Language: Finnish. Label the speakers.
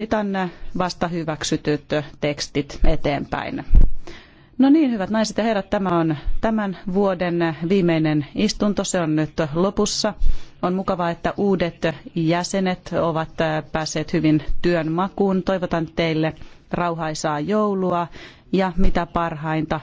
Speaker 1: Liitan vasta hyväksytyt tekstit eteenpäin. No niin, hyvät naiset ja herrat, tämä on tämän vuoden viimeinen istunto. Se on nyt lopussa. On mukavaa, että uudet jäsenet ovat päässeet hyvin työn makuun. Toivotan teille rauhaisaa joulua ja mitä parhainta